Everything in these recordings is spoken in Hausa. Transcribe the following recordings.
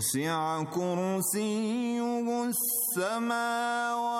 وسع كرسيه السماوات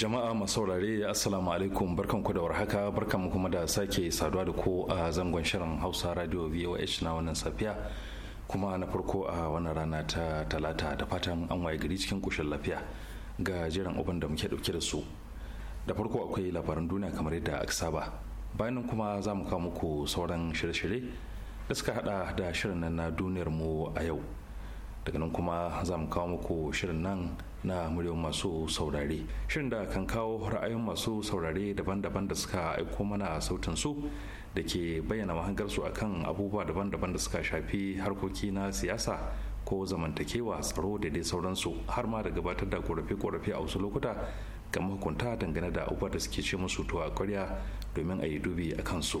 jama'a masu saurare assalamu alaikum barkan ku da warhaka barkan kuma da sake saduwa da ko a zangon shirin hausa radio voh na wannan safiya kuma na farko a wannan rana ta talata da fatan an waye gari cikin kushin lafiya ga jiran abin da muke dauke da su da farko akwai labaran duniya kamar yadda aka saba bayan kuma za mu kawo muku sauran shirye-shirye da suka hada da shirin nan na duniyar mu a yau daga nan kuma za mu kawo muku shirin nan na muryar masu saurare shirin da kan kawo ra'ayin masu saurare daban-daban da suka aiko mana sautin su da ke bayyana mahangarsu akan abubuwa daban-daban da suka shafi harkoki na siyasa ko zamantakewa tsaro da dai sauransu har ma da gabatar da korafe-korafe a wasu lokuta ga mahukunta dangane da abubuwa da suke ce musu to a kwarya domin a yi dubi a kansu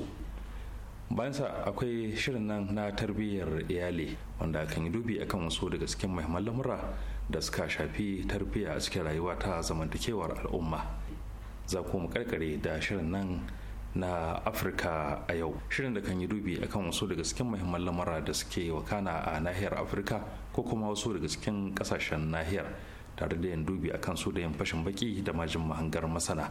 bayan sa akwai shirin nan na tarbiyyar iyali wanda kan yi dubi akan wasu daga cikin muhimman lamura da suka shafi tarbiyya a cikin rayuwa ta zamantakewar al'umma za ku karkare da shirin nan na afirka a yau shirin da kan yi dubi akan wasu daga cikin muhimman lamura da suke wakana a nahiyar afirka ko kuma wasu daga cikin kasashen nahiyar tare da yin dubi akan su da yin fashin baki da majin mahangar masana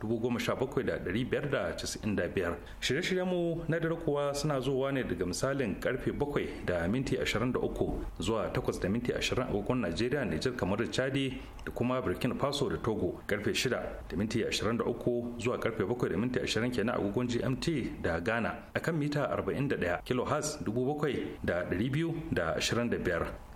dubu goma da kilohertz biyar shirye-shiryen mu na dare kuwa suna zuwa ne daga misalin karfe bakwai da minti 23 zuwa 8 da minti 20 agogon najeriya nijar kamar chadi da kuma burkina faso da togo karfe 6 da minti 23 zuwa karfe 7 da minti 20 kenan agogon gmt da ghana akan mita 41 kilohertz biyar.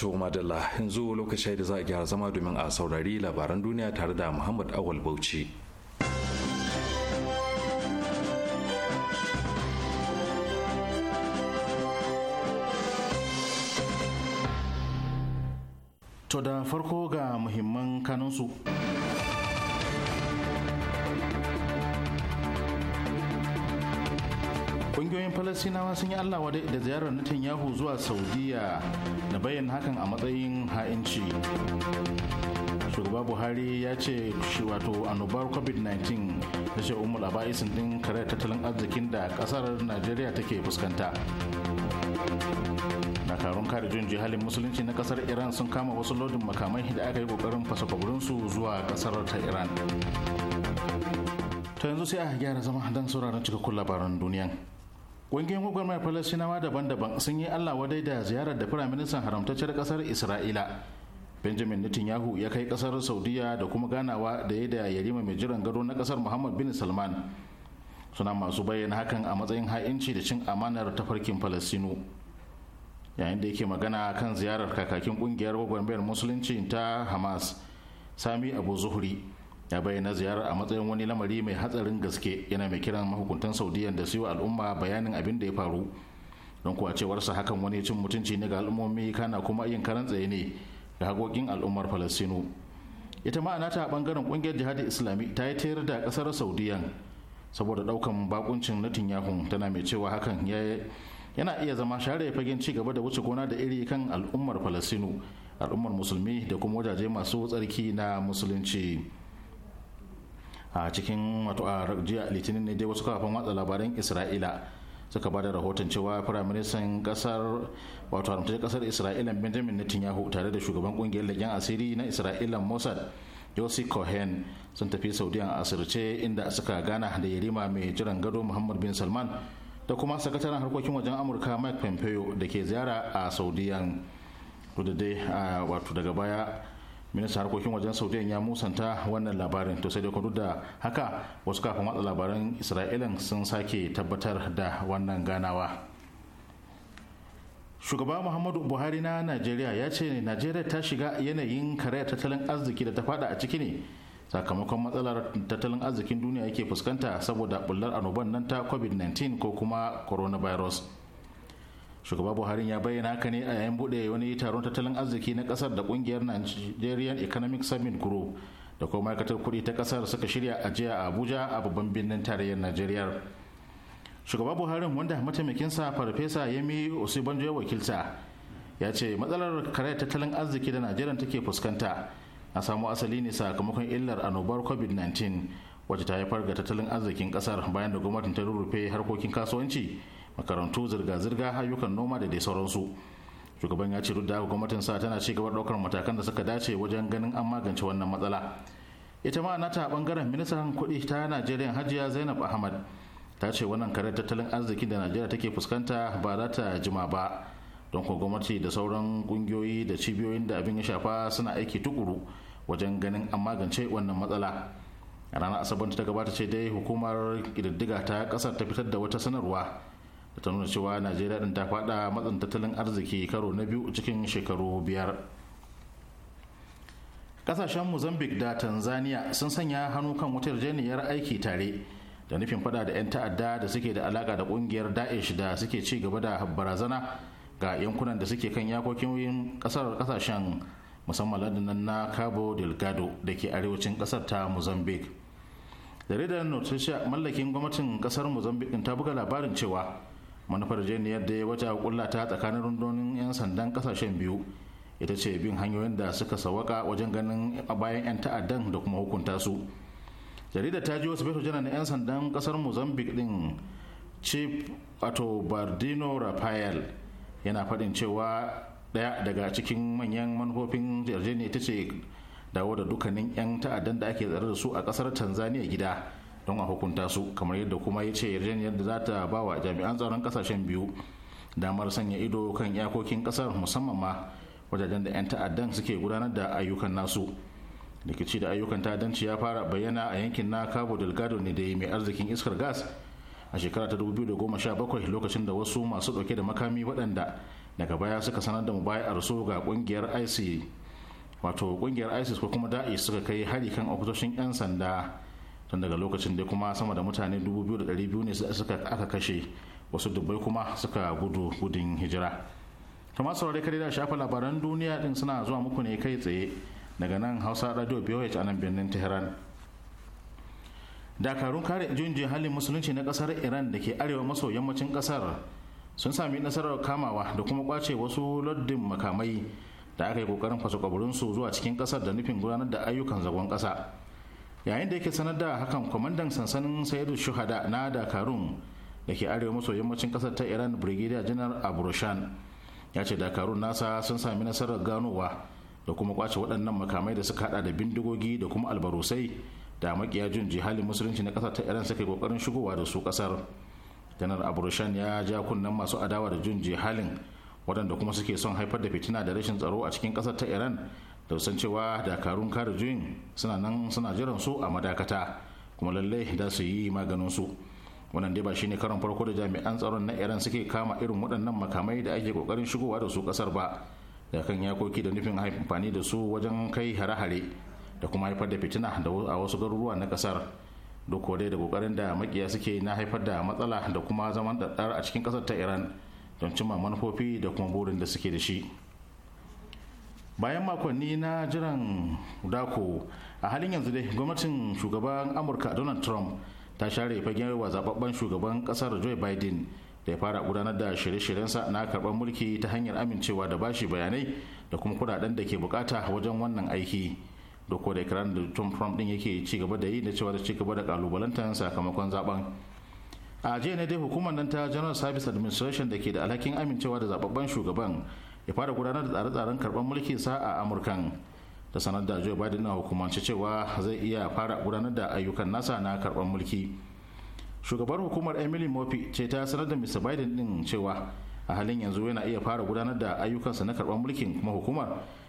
To madalla yanzu lokaci da za a gyara zama domin a saurari labaran duniya tare da Muhammad Awal Bauchi. To da farko ga muhimman kanunsu. ƙungiyoyin falasinawa sun yi allawa da ziyarar yahu zuwa saudiya da bayyana hakan a matsayin ha'inci shugaba buhari ya ce shi wato annobar covid-19 da shi umar aba'isin din kare tattalin arzikin da kasar najeriya take fuskanta dakarun kare jin jihalin musulunci na kasar iran sun kama wasu lodin makamai da aka yi kokarin fasa su zuwa kasar ta iran ta yanzu sai a gyara zama don sauraron cikakkun labaran duniyan. Ƙungiyoyin gwagwarmayar Falasinawa daban-daban sun yi Allah wadai da ziyarar da Firaministan haramtacciyar ƙasar Isra'ila. Benjamin Netanyahu ya kai ƙasar Saudiya da kuma ganawa da ya da yarima mai jiran gado na ƙasar Muhammad bin Salman. Suna masu bayyana hakan a matsayin ha'inci da cin amanar tafarkin Falasinu. Yayin da yake magana kan ziyarar kakakin ƙungiyar gwagwarmayar Musulunci ta Hamas, Sami Abu Zuhri. ya bayyana ziyarar a matsayin wani lamari mai hatsarin gaske yana mai kiran mahukuntan saudiyan da su al'umma bayanin abin da ya faru don kuwa cewarsa hakan wani cin mutunci ne ga al'ummomi kana kuma yin karan tsaye ne ga haƙoƙin al'ummar falastinu ita ma'ana ta bangaren ƙungiyar jihadi islami ta yi tayar da ƙasar saudiyan saboda ɗaukan bakuncin na tinyahun tana mai cewa hakan yana iya zama share fagen ci gaba da wuce gona da iri kan al'ummar falastinu al'ummar musulmi da kuma wajaje masu tsarki na musulunci a cikin wato a jiya litinin ne dai wasu kafafen watsa labaran isra'ila suka ba da rahoton cewa firaministan kasar wato haramtar kasar isra'ila benjamin netanyahu tare da shugaban kungiyar legen asiri na isra'ila mossad yossi cohen sun tafi saudiya a asirce inda suka gana da yarima mai jiran gado muhammad bin salman da kuma sakataren harkokin wajen amurka mike pompeo da ke ziyara a saudiya. wato daga baya ministan harkokin wajen saudiyan ya musanta wannan labarin to sai dai kudu da haka wasu kafin watsa labaran isra'ilan sun sake tabbatar da wannan ganawa shugaba muhammadu buhari na najeriya ya ce najeriya ta shiga yanayin kare tattalin arziki da ta fada a ciki ne sakamakon matsalar tattalin arzikin duniya yake fuskanta saboda bullar annoban nan ta covid-19 ko kuma coronavirus shugaba buhari ya bayyana haka ne a yayin bude wani taron tattalin arziki na kasar da kungiyar nigerian economic summit group da kuma ma'aikatar kuɗi ta kasar suka shirya ajiya a abuja a babban birnin tarayyar nigeria shugaba buhari wanda mataimakinsa farfesa yemi osibanjo wakilta ya ce matsalar karayar tattalin arziki da najeriya take fuskanta a samu asali ne sakamakon illar annobar covid-19 wacce ta haifar ga tattalin arzikin kasar bayan da gwamnatin ta rurrufe harkokin kasuwanci makarantu zirga-zirga ayyukan noma da dai sauransu shugaban ya ce duk da gwamnatin sa tana ci gaba daukar matakan da suka dace wajen ganin an magance wannan matsala ita ma nata bangaren ministan kuɗi ta najeriya hajiya zainab ahmad ta ce wannan karar tattalin arziki da najeriya take fuskanta ba za ta jima ba don ko gwamnati da sauran kungiyoyi da cibiyoyin da abin ya shafa suna aiki tukuru wajen ganin an magance wannan matsala ranar asabar ta gabata ce dai hukumar ƙididdiga ta ƙasar ta fitar da wata sanarwa da ta nuna cewa najeriya din ta fada matsan tattalin arziki karo na biyu cikin shekaru biyar kasashen mozambique da tanzania sun sanya hannu kan wata yarjejeniyar aiki tare da nufin fada da 'yan ta'adda da suke da alaka da kungiyar daesh da suke ci gaba da barazana ga yankunan da suke kan yakokin kasar kasashen musamman ladanan na cabo delgado da ke arewacin kasar ta mozambique jaridar notisha mallakin gwamnatin kasar mozambique ta buga labarin cewa manufar jeniyar da ya wata kulla ta tsakanin rundunonin 'yan sandan kasashen biyu ita ce bin hanyoyin da suka sawaka wajen ganin bayan 'yan ta'addan da kuma hukunta su jaridar ta ji wasu beto jana na 'yan sandan kasar mozambique din chief ato bardino rafael yana faɗin cewa daya daga cikin manyan manufofin yarjejeniya ita ce dawo da dukkanin 'yan ta'addan da ake tsare da su a kasar tanzania gida don a hukunta su kamar yadda kuma ya ce yarjejeniyar da za ta ba wa jami'an tsaron kasashen biyu damar sanya ido kan iyakokin kasar musamman ma wajajen da 'yan ta'addan suke gudanar da ayyukan nasu rikici da ayyukan ta'addanci ya fara bayyana a yankin na cabo delgado ne da mai arzikin iskar gas a shekara ta 2017 lokacin da wasu masu dauke da makami waɗanda daga baya suka sanar da mubayar su ga kungiyar isis wato kungiyar isis ko kuma da'i suka kai hari kan ofisoshin 'yan sanda tun daga lokacin da kuma sama da mutane 2,200 ne suka aka kashe wasu dubbai kuma suka gudu gudun hijira kamar saurari kare da shafa labaran duniya din suna zuwa muku ne kai tsaye daga nan hausa radio bih a nan birnin tehran dakarun kare junjin halin musulunci na kasar iran da ke arewa maso yammacin kasar sun sami nasarar kamawa da kuma kwace wasu lardin makamai da aka yi kokarin faso kaburinsu zuwa cikin kasar da nufin gudanar da ayyukan zagon kasa yayin da yake sanar da hakan kwamandan sansanin sayidu shuhada na dakarun da ke arewa maso yammacin kasar ta iran brigadier janar abroshan ya ce dakarun nasa sun sami nasarar ganowa da kuma kwace waɗannan makamai da suka hada da bindigogi da kuma albarusai da makiya jin jihalin musulunci na kasar ta iran suka yi kokarin shigowa da su kasar janar abroshan ya ja kunnen masu adawa da jin jihalin waɗanda kuma suke son haifar da fitina da rashin tsaro a cikin kasar ta iran dausan cewa dakarun kare juyin suna nan suna jiran su a madakata kuma lallai da su yi maganin su wannan dai ba shine karon farko da jami'an tsaron na iran suke kama irin waɗannan makamai da ake kokarin shigowa da su kasar ba da kan yakoki da nufin amfani da su wajen kai hare-hare da kuma haifar da fitina a wasu garuruwa na kasar duk dai da kokarin da makiya suke na haifar da matsala da kuma zaman daddar a cikin ƙasar ta iran don cimma manufofi da kuma burin da suke da shi bayan makonni na jiran dako a halin yanzu dai gwamnatin shugaban amurka donald trump ta share fagen wa zababben shugaban kasar joe biden da ya fara gudanar da shirye-shiryensa na karban mulki ta hanyar amincewa da bashi bayanai da kuma kudaden da ke bukata wajen wannan aiki da da ikirarin da trump trump din yake ci gaba da yi da cewa da ci gaba da kalubalantar sakamakon zaben a jiya ne dai hukumar nan ta general service administration da ke da alhakin amincewa da zababben shugaban ya fara gudanar da tsare-tsaren karɓar mulkin sa a amurkan da sanar da joe biden na hukumance cewa zai iya fara gudanar da ayyukan nasa na karɓar mulki shugabar hukumar emily murphy ce ta sanar da mr biden din cewa a halin yanzu yana iya fara gudanar da ayyukansa na karɓar mulkin kuma hukumar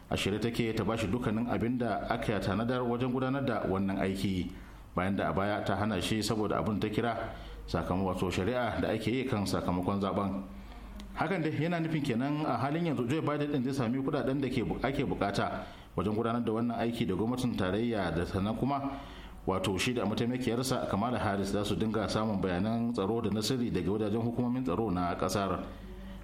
a shirye take ta ba shi dukkanin abin da aka tanadar wajen gudanar da wannan aiki bayan da a baya ta hana shi saboda abin ta kira sakamakon shari'a da ake yi kan sakamakon zaben hakan dai yana nufin kenan a halin yanzu joe biden din zai sami kudaden da ake bukata wajen gudanar da wannan aiki da gwamnatin tarayya da sannan kuma wato shi da mataimakiyarsa kamala harris za su dinga samun bayanan tsaro da na sirri daga wajajen hukumomin tsaro na kasar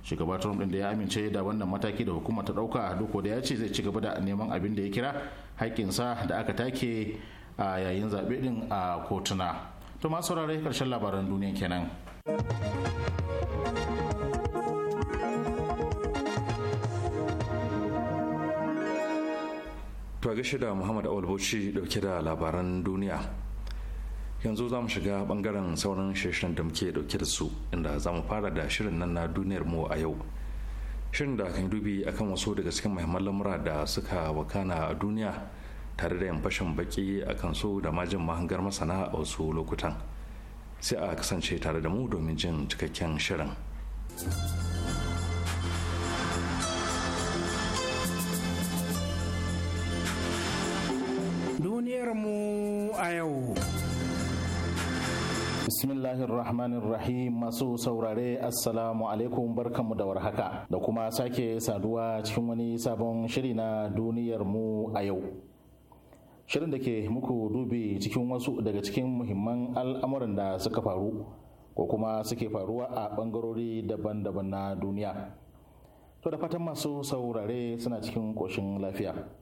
shugaba trump din da ya amince da wannan mataki da hukuma ta dauka duk da ya ce zai ci gaba da neman abin da ya kira haƙƙinsa da aka take a yayin zaɓe din a kotuna to masu saurare karshen labaran duniya kenan To a gashi da Muhammad Awal Bauchi dauke da labaran duniya. Yanzu za mu shiga bangaren sauran shirin da muke dauke da su inda za mu fara da shirin nan na duniyar mu a yau. Shirin da kan dubi akan wasu daga cikin muhimman lamura da suka wakana a duniya tare da yin fashin baki akan su da majin mahangar masana a wasu lokutan. Sai a kasance tare da mu domin jin cikakken shirin. mu a yau. Bismillahir masu saurare Assalamu alaikum barkanmu da warhaka da kuma sake saduwa cikin wani sabon shiri na duniyar mu a yau. Shirin da ke muku dubi cikin wasu daga cikin muhimman al'amuran da suka faru ko kuma suke faruwa a bangarori daban-daban na duniya. To da fatan masu saurare suna cikin ƙoshin lafiya.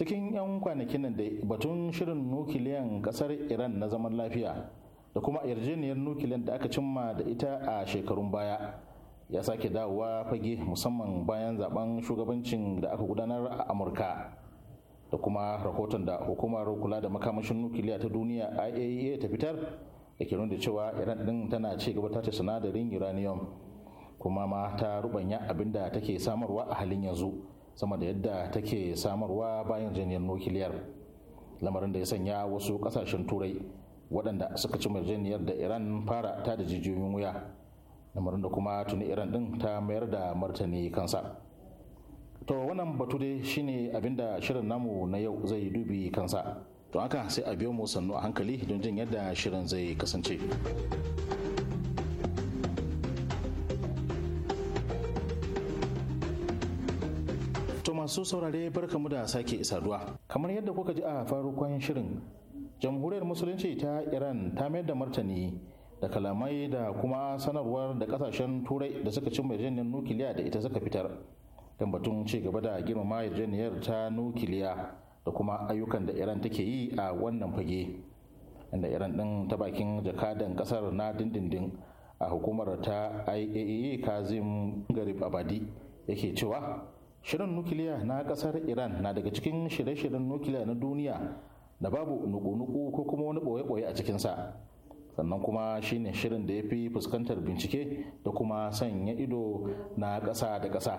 cikin 'yan kwanakin nan da batun shirin nukiliyan kasar iran na zaman lafiya da kuma yarjejeniyar nukiliyan da aka cimma da ita a shekarun baya ya sake dawowa fage musamman bayan zaben shugabancin da aka gudanar a amurka da kuma rahoton da hukumar kula da makamashin nukiliya ta duniya iaea e ta fitar da ke nuna cewa iran din tana ci gaba ta sinadarin uranium kuma ma ta rubanya abinda take samarwa a halin yanzu sama da yadda take samarwa bayan janiyar nukiliyar lamarin da ya sanya wasu kasashen turai waɗanda suka ci janiyar da iran fara ta da jijiyoyin wuya lamarin da kuma tuni iran ɗin ta mayar da martani kansa to wannan batu dai shine abinda shirin namu na yau zai dubi kansa to haka sai a biyo mu sannu a hankali don jin yadda shirin zai kasance masu saurare barkamu da sake saduwa kamar yadda kuka ji a farkon shirin jamhuriyar musulunci ta iran ta mayar da martani da kalamai da kuma sanarwar da kasashen turai da suka cimma yarjejeniyar nukiliya da ita suka fitar kan batun ci gaba da girmama yarjejeniyar ta nukiliya da kuma ayyukan da iran take yi a wannan fage inda iran din ta bakin jakadan kasar na dindindin a hukumar ta iaea e e, kazim garib abadi yake cewa shirin nukiliya na kasar iran na daga cikin shirye-shiryen nukiliya na duniya da babu nuku-nuku ko kuma wani boye-boye a cikinsa sannan kuma shine shirin da ya fi fuskantar bincike da kuma sanya ido na ƙasa da ƙasa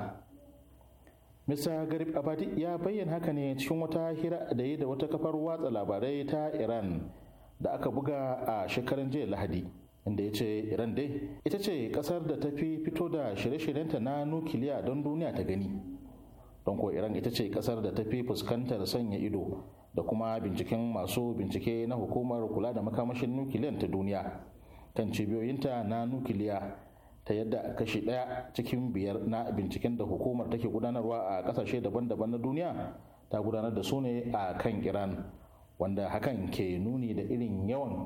mr garib abadi ya bayyana haka ne cikin wata hira da yi da wata kafar watsa labarai ta iran da aka buga a shekarun jiya lahadi inda ya ce iran dai ita ce kasar da ta fi fito da shirye-shiryenta na nukiliya don duniya ta gani don ko iran ita ce kasar da ta fi fuskantar sanya ido da kuma binciken masu bincike na hukumar kula da makamashin nukiliyan ta duniya kan cibiyoyinta na nukiliya ta yadda kashi daya cikin biyar na binciken da hukumar take gudanarwa a kasashe daban-daban na duniya ta gudanar da su ne a kan iran wanda hakan ke nuni da irin yawan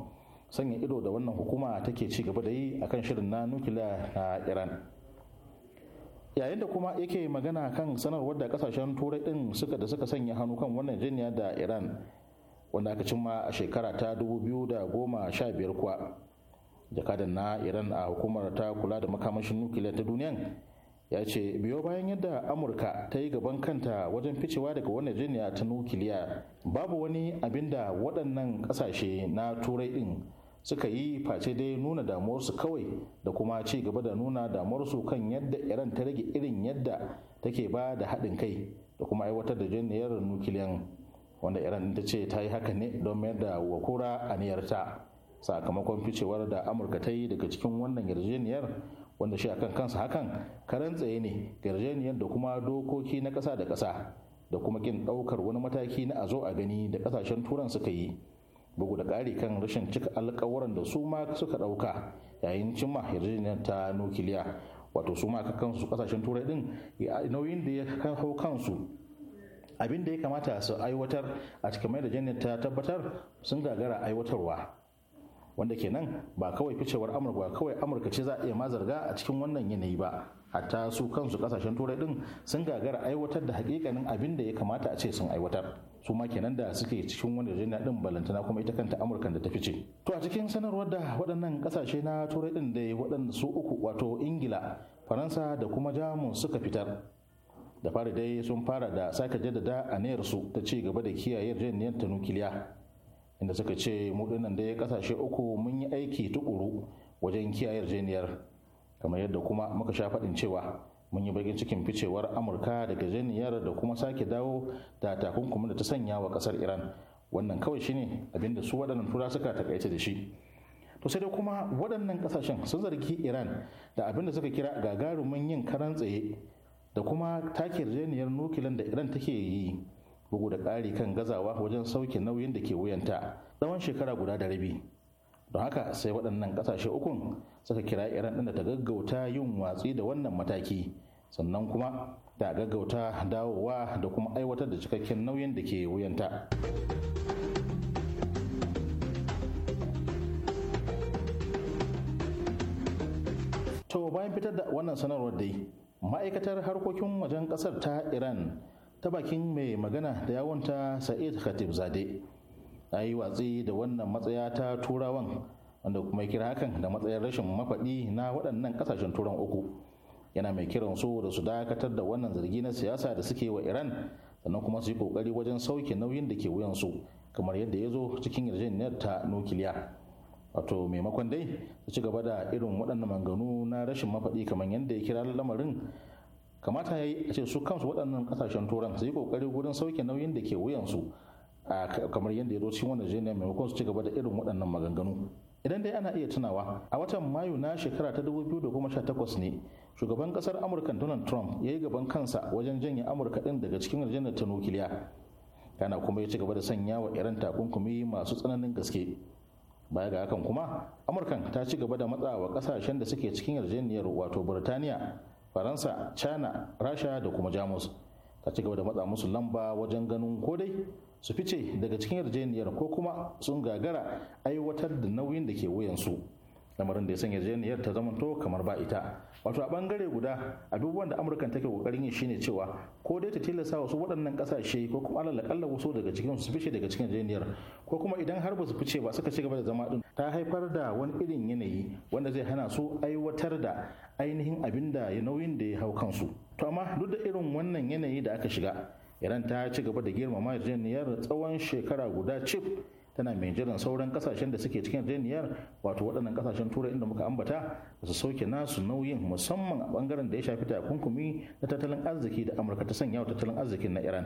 sanya ido da wannan hukuma take ci gaba da yi akan shirin na nukiliya na iran yayin da kuma yake magana kan sanarwar da kasashen turai din suka da suka sanya hannu kan wannan jiniya da iran wanda aka cimma a shekara ta 2015 kuwa jakadan na iran a hukumar ta kula da makamashin nukiliya ta duniyan ya ce biyo bayan yadda amurka ta yi gaban kanta wajen ficewa daga wannan jiniya ta nukiliya babu wani abin da waɗannan ƙasashe na turai din. suka yi face dai nuna damuwarsu kawai da kuma ci gaba da nuna damuwarsu kan yadda iran ta rage irin yadda take ba da haɗin kai da kuma aiwatar da janiyar nukiliyan wanda iran ta ce ta yi haka ne don mayar da wakura aniyarta sakamakon ficewar da amurka ta yi daga cikin wannan yarjejeniyar wanda shi akan kansa hakan karan tsaye ne yarjejeniyar da kuma dokoki na ƙasa da ƙasa da kuma kin ɗaukar wani mataki na azo a gani da ƙasashen turan suka yi bugu da ƙari kan rashin cika alkawuran da su ma suka ɗauka yayin cimma yarjejeniyar ta nukiliya wato su ma kansu ƙasashen turai ɗin nauyin da ya hau kansu abin da ya kamata su aiwatar a cikin mai da janet ta tabbatar sun gagara aiwatarwa wanda kenan ba kawai ficewar amurka kawai amurka ce za a iya mazarga a cikin wannan yanayi ba hatta su kansu kasashen turai din sun gagara aiwatar da hakikanin abin da ya kamata a ce sun aiwatar su ma kenan da suke cikin wani yarjejeniya din balantana kuma ita kanta amurkan da ta fice to a cikin sanarwar da waɗannan kasashe na turai din da waɗanda su uku wato ingila faransa da kuma jamus suka fitar da fara dai sun fara da sake jaddada aniyar su ta ci gaba da kiyaye yarjejeniyar ta nukiliya inda suka ce mu dinnan dai kasashe uku mun yi aiki tukuru wajen kiyaye yarjejeniyar kamar yadda kuma muka sha faɗin cewa mun yi bakin cikin ficewar amurka daga janiyar da kuma sake dawo da takunkumin da ta sanya wa kasar iran wannan kawai shine abinda su waɗannan tura suka takaice da shi to sai dai kuma waɗannan kasashen sun zargi iran da abinda suka kira gagarumin yin karan tsaye da kuma take yarjejeniyar nukilan da iran take yi bugu da ƙari kan gazawa wajen sauke nauyin da ke wuyanta tsawon shekara guda da rabi don haka sai waɗannan ƙasashe ukun suka kira iran ɗin da ta gaggauta yin watsi da wannan mataki sannan kuma ta gaggauta dawowa da kuma aiwatar da cikakken nauyin da ke wuyanta to bayan fitar da wannan sanarwar dai ma'aikatar harkokin wajen ƙasar ta iran ta bakin mai magana da ta sa'id khatib zade ta yi watsi da wannan matsaya ta turawan wanda kuma kira hakan da matsayin rashin mafaɗi na waɗannan ƙasashen turan uku yana mai kiran su da su dakatar da wannan zargi na siyasa da suke wa iran sannan kuma su yi ƙoƙari wajen sauke nauyin da ke wuyansu kamar yadda ya zo cikin yarjejeniyar ta nukiliya wato maimakon dai su ci gaba da irin waɗannan manganu na rashin mafaɗi kamar yadda ya kira lamarin kamata ya yi a ce su kansu waɗannan ƙasashen turan su yi ƙoƙari wurin sauke nauyin da ke wuyansu kamar yadda ya zo cikin wannan jeniya maimakon su ci gaba da irin waɗannan maganganu idan dai ana iya tunawa a watan mayu na shekara ta 2018 ne shugaban ƙasar amurka donald trump ya yi gaban kansa wajen janye amurka ɗin daga cikin aljannar ta nukiliya yana kuma ya ci gaba da sanya wa iran takunkumi masu tsananin gaske baya ga hakan kuma amurkan ta ci gaba da matsa wa kasashen da suke cikin yarjejeniyar wato burtaniya faransa china rasha da kuma jamus ta ci gaba da matsa musu lamba wajen ganin ko dai su fice daga cikin yarjejeniyar ko kuma sun gagara aiwatar da nauyin da ke wuyansu lamarin da ya sanya yarjejeniyar ta zamanto kamar ba ita wato a bangare guda abubuwan da amurkan take kokarin yi shine cewa ko dai ta tilasta wasu waɗannan ƙasashe ko kuma alal akalla wasu daga cikin su fice daga cikin yarjejeniyar ko kuma idan har ba su fice ba suka ci gaba da zama din ta haifar da wani irin yanayi wanda zai hana su aiwatar da ainihin abin da nauyin da ya hau kansu to amma duk da irin wannan yanayi da aka shiga iran ta ci gaba da girmama yarjejeniyar tsawon shekara guda cif tana mai jiran sauran kasashen da suke cikin yarjejeniyar wato waɗannan kasashen turai inda muka ambata da su sauke nasu nauyin musamman a bangaren da ya shafi takunkumi na tattalin arziki da amurka ta sanya wa tattalin arzikin na iran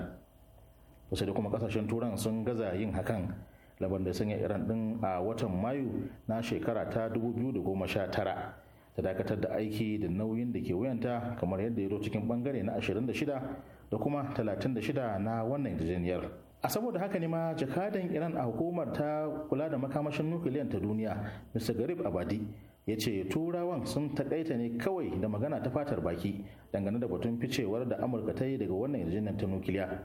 wasu da kuma kasashen turan sun gaza yin hakan laban da sanya iran din a watan mayu na shekara ta 2019 ta dakatar da aiki da nauyin da ke wuyanta kamar yadda ya zo cikin bangare na 26 da kuma 36 na wannan yarjejeniyar a saboda haka ne ma jakadan iran a hukumar ta kula da makamashin nukiliyan ta duniya mr garib abadi ya ce turawan sun takaita ne kawai da magana ta fatar baki dangane da batun ficewar da amurka ta yi daga wannan yarjejeniyar ta nukiliya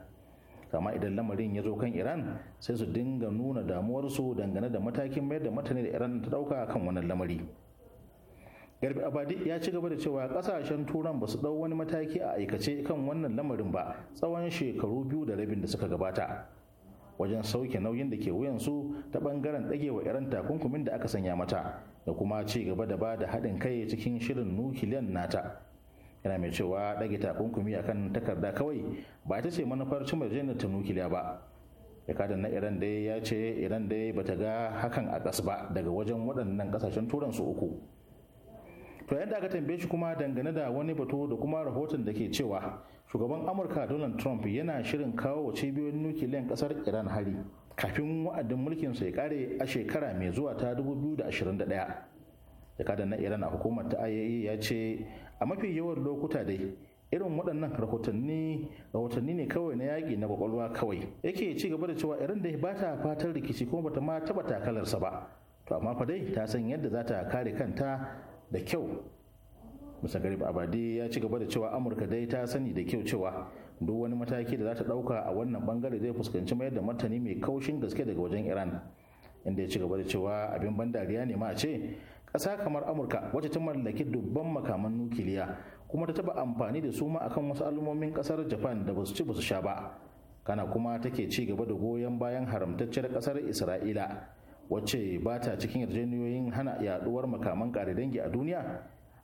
kama idan lamarin ya zo kan iran sai su dinga nuna damuwarsu dangane da matakin mayar da matane da iran ta dauka kan wannan lamari garbi abadi ya ci gaba da cewa kasashen turan ba su dau wani mataki a aikace kan wannan lamarin ba tsawon shekaru biyu da rabin da suka gabata wajen sauke nauyin da ke wuyansu ta bangaren ɗagewa iran takunkumin da aka sanya mata da kuma ci gaba da bada da haɗin kai cikin shirin nukiliyan nata yana mai cewa dage takunkumi a kan takarda kawai ba ita ce manufar cimar janar ta nukiliya ba jakadan na iran dai ya ce iran dai ta ga hakan a ƙas ba daga wajen waɗannan kasashen turan su uku to yadda aka tambaye shi kuma dangane da wani batu da kuma rahoton da ke cewa shugaban amurka donald trump yana shirin kawo wa cibiyoyin nukiliyan kasar iran hari kafin wa'adin mulkin ya kare a shekara mai zuwa ta 2021 jakadan na iran a hukumar ta iaea e ya ce a mafi yawan lokuta dai irin waɗannan rahotanni rahotanni ne kawai na yaƙi na kwakwalwa kawai yake ci gaba da cewa iran dai ba ta fatan rikici kuma bata ma taɓa takalarsa ba to amma fa dai ta san yadda za ta kare kanta da kyau musa garib abadi ya ci gaba da cewa amurka dai ta sani da kyau cewa duk wani mataki da za ta dauka a wannan bangare zai fuskanci mayar da martani mai kaushin gaske daga wajen iran inda ya ci gaba da cewa abin ban dariya ne ma a ce ƙasa kamar amurka wacce ta mallaki dubban makaman nukiliya kuma ta taba amfani da su ma akan wasu al'ummomin ƙasar japan da basu ci basu sha ba kana kuma take ci gaba da goyon bayan haramtacciyar ƙasar isra'ila wacce ba ta cikin yarjejeniyoyin hana yaduwar makaman kare dangi a duniya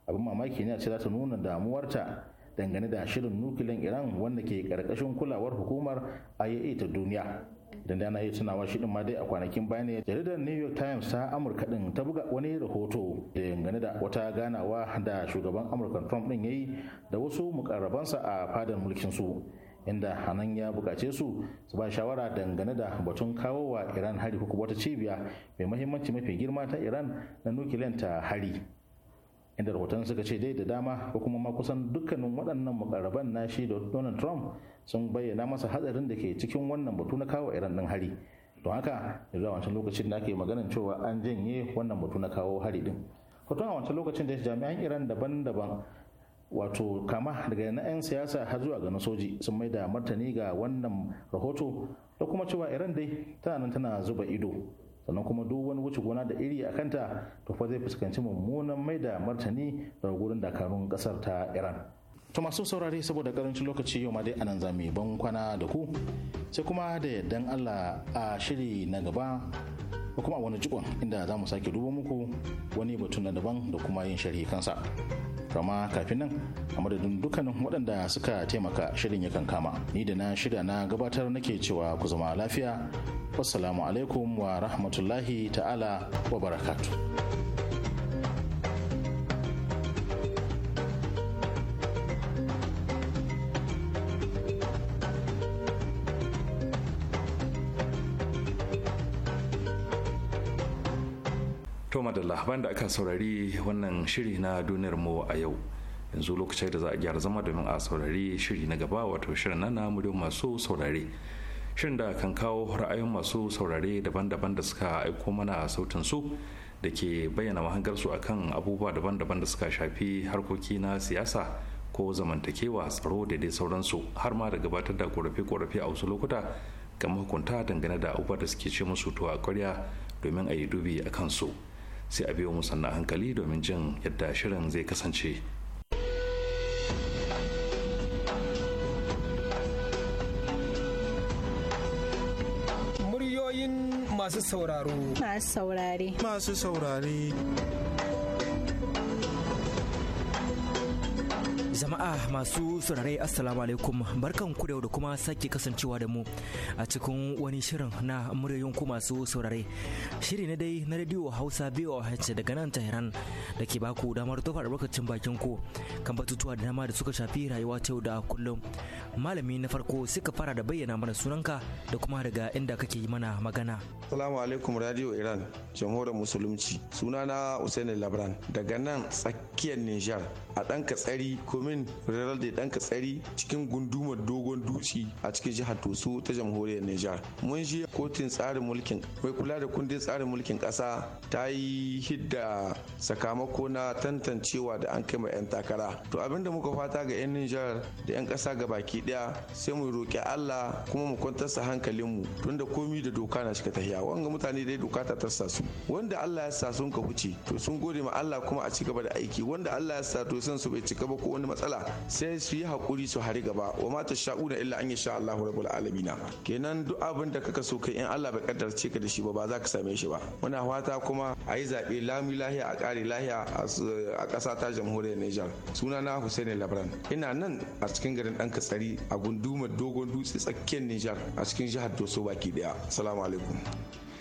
abin mamaki ne a ce za ta nuna damuwarta dangane da shirin nukiliyan iran wanda ke karkashin kulawar hukumar iaea ta duniya idan da na yi tunawa shi ma dai a kwanakin baya ne jaridar new york times ta amurka din ta buga wani rahoto da dangane da wata ganawa da shugaban amurka trump din yayi da wasu mukarrabansa a fadar mulkin su inda hanan ya bukace su su ba shawara dangane da batun kawo wa iran hari ko wata cibiya mai mahimmanci mafi girma ta iran na nukiliyan ta hari inda rahoton suka ce dai da dama ko kuma ma kusan dukkanin waɗannan mukarraban na shi da donald trump sun bayyana masa hatsarin da ke cikin wannan batu na kawo iran din hari don haka da wancan lokacin da ake maganin cewa an janye wannan batu na kawo hari din hoton a wancan lokacin da jami'an iran daban-daban wato kama daga na 'yan siyasa har zuwa ga na soji sun mai da martani ga wannan rahoto da kuma cewa iran dai tana nan tana zuba ido sannan kuma duk wani wuce gona da iri a kanta to fa zai fuskanci mummunan mai da martani daga gurin dakarun kasar ta iran to masu saurare saboda karancin lokaci yau ma dai anan za mu ban kwana da ku sai kuma da dan allah a shiri na gaba ko kuma wani jikon inda za mu sake duba muku wani batun na daban da kuma yin sharhi kansa Rama kafin nan a madadin dukkanin waɗanda suka taimaka shirin yakan kama. Ni da na shirya na gabatar nake cewa ku zama lafiya. Wassalamu alaikum wa rahmatullahi ta'ala wa barakatu. bayan da aka saurari wannan shiri na duniyar mu a yau yanzu lokacin da za a gyara zama domin a saurari shiri na gaba wato shirin na na muryar masu saurare shirin da kan kawo ra'ayin masu saurare daban-daban da suka aiko mana sautin su da ke bayyana mahangarsu akan abubuwa daban-daban da suka shafi harkoki na siyasa ko zamantakewa tsaro da dai sauransu har ma da gabatar da korafe-korafe a wasu lokuta ga mahukunta dangane da abubuwa da suke ce musu to a kwarya domin a yi dubi a kansu. sai a biyo mu sannan hankali domin jin yadda shirin zai kasance muryoyin masu sauraro masu saurare masu saurare Jama'a masu saurare Assalamu alaikum barkan ku da kuma sake kasancewa da mu a cikin wani shirin na muryoyin ku masu saurare. Shiri na dai na radio Hausa BOH daga nan Tehran da ke baku damar tofa lokacin bakin ku kan batutuwa da dama da suka shafi rayuwa ta da kullum. Malami na farko suka fara da bayyana mana sunanka da kuma daga inda kake yi mana magana. Assalamu alaikum Radio Iran Jamhuriyar Musulunci sunana Usaini Labran daga nan tsakiyar Nijar a ɗan katsari komai rarar da ɗan katsari cikin gundumar dogon dutse a cikin jihar Toso ta jamhuriyar Nijar. Mun je kotun tsarin mulkin mai kula da kundin tsarin mulkin kasa ta yi hidda sakamako na tantancewa da an kai ma 'yan takara. To abinda muka fata ga 'yan Nijar da 'yan kasa ga baki daya sai mu roƙi Allah kuma mu hankalin hankalinmu tunda komi da doka na shiga tahiya wanga mutane dai doka ta tarsa su wanda Allah ya sa sun ka huce to sun gode ma Allah kuma a ci gaba da aiki wanda Allah ya sa to sun su bai cika ba ko wani matsala sai su yi hakuri su hari gaba wa ma na illa an sha Allahu rabbul alamin kenan duk abin da kaka so kai in Allah bai ce ka da shi ba ba za ka same shi ba muna fata kuma a yi zaɓe lami lahiya a kare lahiya a ƙasa ta jamhuriyar Nijar suna na Hussein Labran ina nan a cikin garin ɗan katsari a gundumar dogon dutse tsakiyar Nijar a cikin jihar Doso baki daya assalamu alaikum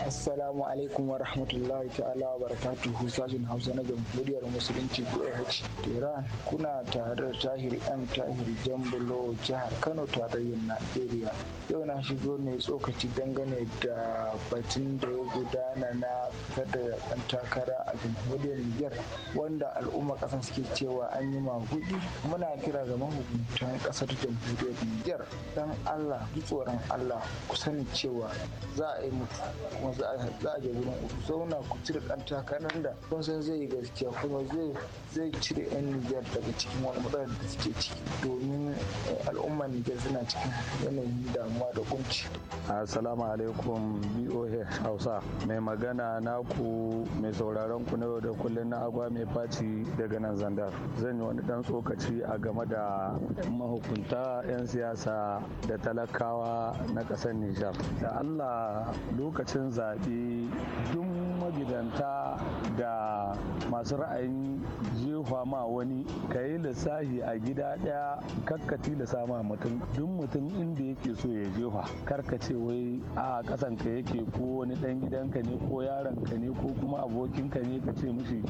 Assalamu alaikum wa rahmatullahi ta'ala wa barakatuhu sashen Hausa na Jamhuriyar Musulunci BH Tehran kuna tare da Tahir M Tahir Jambulo jihar Kano tarayyar Najeriya. Yau na shigo ne tsokaci dangane da batun da ya gudana na kada ɗan takara a Jamhuriyar Niger wanda al'umma ƙasar suke cewa an yi magudi muna kira ga mahukuntan ƙasar Jamhuriyar Niger dan Allah ji tsoron Allah ku sani cewa za a yi mutu a za a je uku ku zauna ku cire ɗan takarar da kun san zai yi gaskiya kuma zai zai cire 'yan niger daga cikin wani matsala da suke ciki domin eh, al'ummar Nijar suna cikin yanayin damuwa da kunci. Assalamu alaikum BOA Hausa mai magana naku mai sauraron ku na yau da kullum na agwa mai faci daga nan zandar zan yi wani dan tsokaci a game da mahukunta 'yan siyasa da talakawa na ƙasar Nijar da Allah lokacin zaɓe duk magidanta da masu ra'ayin jefa ma wani ka yi lissafi a gida ɗaya karkaci da sama mutum duk mutum inda yake so ya jefa karkace wai a ƙasan ka yake ko wani ɗan gidanka ne ko yaron ka ne ko kuma abokinka ne ka ce mishi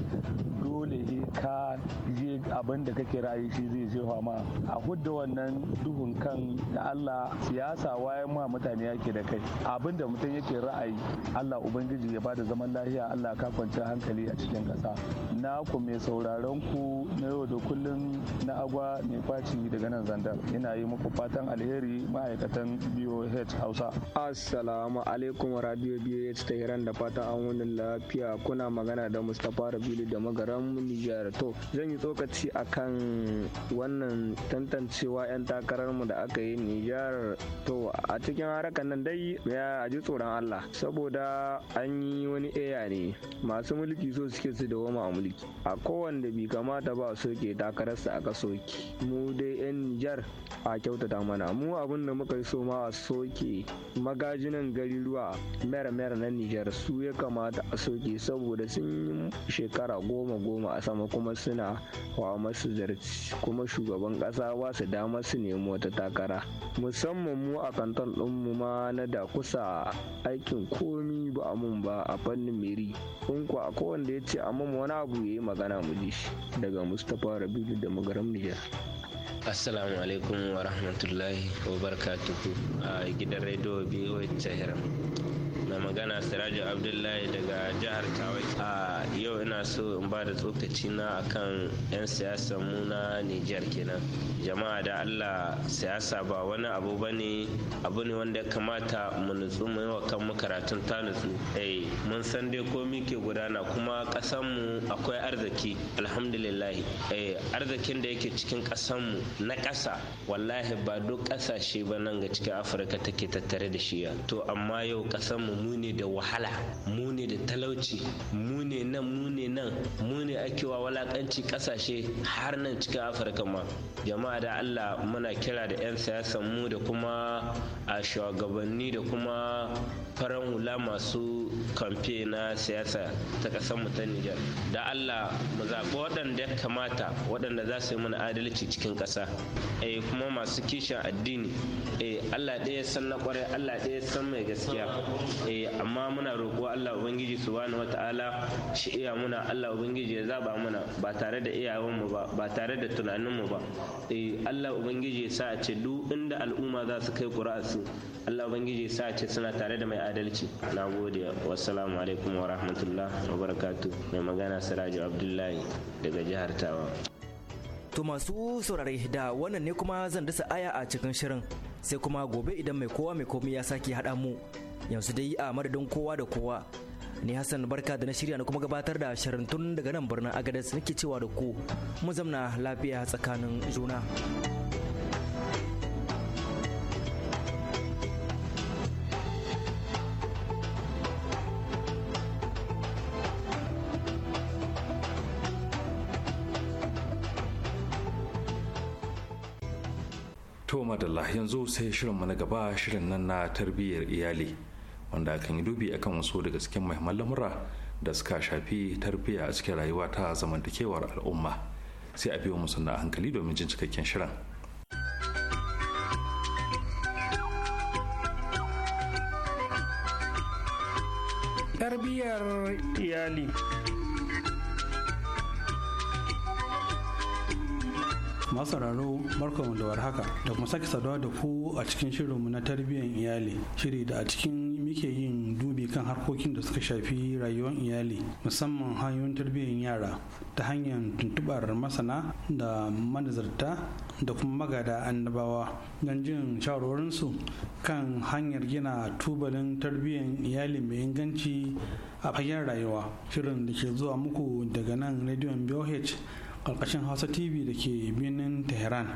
dole ka je abin da kake ra'ayi shi zai jefa ma a hudda wannan duhun kan da Allah siyasa wayan ma mutane yake da kai abin da mutum yake ra'ayi Allah Ubangiji ya ba da zaman lafiya Allah ka kwanci hankali a cikin ƙasa. Na ku mai sauraron ku na yau da kullum na agwa mai faci daga nan zandar. Ina yi muku fatan alheri ma'aikatan BOH Hausa. Assalamu alaikum radio BOH ta ran da fatan an wani lafiya kuna magana da Mustapha Rabilu da magaran Nijar. To zan yi tsokaci akan wannan tantancewa 'yan takararmu da aka yi Nijar. To a cikin harakan nan dai ya ji tsoron Allah. Saboda saboda an yi wani eya ne masu mulki so suke su dawoma a mulki a kowanne bi kamata ba soke takararsa aka soke mu dai yan nijar a kyautata mana mu abin da muka yi so ma a soke magajinan garuruwa mera-mera na nijar su ya kamata a soke saboda sun yi shekara goma goma a sama kuma suna wa masu zarci kuma shugaban kasa ba su dama su nemi wata takara musamman mu a kanton ɗinmu ma na da kusa aikin ko komi ba a mun ba a fannin meri in kuwa a kowanda ya ce a mun wani abu ya yi magana mu ji shi daga mustapha rabiu da magaram niger assalamu alaikum wa rahmatullahi wa barakatuhu a gidan rediyo biyu tehran na magana siraju abdullahi daga jihar Kawai. a yau ina so in ba da tsokaci na akan 'yan siyasar mu na nijar kenan jama'a da allah siyasa ba wani abu ba ne abu ne wanda ya kamata mu nutsu mu yi wa kanmu karatun ta nutsu eh mun san dai komi ke gudana kuma mu akwai arziki alhamdulillah. eh arzikin da yake cikin mu na ƙasa wallahi ba duk ƙasashe ba nan ga cikin afirka take tattare da shi to amma yau mu mu mu ne da wahala mu ne da talauci mu ne nan mu ne nan mu ne akewa walakanci kasashe har nan cikin afirka ma jama'a da allah muna kira da 'yan siyasan mu da kuma a shugabanni da kuma farar hula masu kamfe na siyasa ta ƙasar mu ta Nijar da Allah mu zaɓi waɗanda ya kamata waɗanda za su yi mana adalci cikin ƙasa eh kuma masu kishin addini eh Allah ɗaya san na ƙwarai Allah ɗaya san mai gaskiya eh amma muna roƙo Allah ubangiji su wata wataala shi iya muna Allah ubangiji ya zaɓa muna ba tare da iyawan mu ba ba tare da tunanin mu ba eh Allah ubangiji ya sa a ce duk inda al'umma za su kai ƙura'arsu Allah ubangiji ya sa a ce suna tare da mai adalci na gode wassalamu alaikum wa rahmatullah wa barakatu mai magana siraju abdullahi daga jihar tawa to masu saurari da wannan ne kuma zan dasa aya a cikin shirin sai kuma gobe idan mai kowa mai komi ya sake haɗa mu yanzu dai a madadin kowa da kowa ni hassan barka da na shirya na kuma gabatar da shirin tun daga nan birnin agadas nake cewa da ku mu zamna lafiya tsakanin juna Allah yanzu sai shirinmu na gaba shirin nan na tarbiyyar iyali wanda kan yi dubi akan wasu daga cikin muhimman lamura da suka shafi tarbiyya a cikin rayuwa ta zamantakewar al'umma sai a biyo musu na hankali domin jin cikakken shirin tarbiyyar iyali masu raro barkanmu da warhaka da kuma sake saduwa da ku a cikin shirinmu na tarbiyyar iyali shiri da a cikin muke yin dubi kan harkokin da suka shafi rayuwar iyali musamman hanyoyin tarbiyyar yara ta hanyar tuntubar masana da manazarta da kuma magada annabawa don jin shawarwarinsu kan hanyar gina tubalin tarbiyyar iyali mai inganci a fagen rayuwa shirin da ke zuwa muku daga nan rediyon BOH ƙarƙashin hausa tv da ke birnin tehran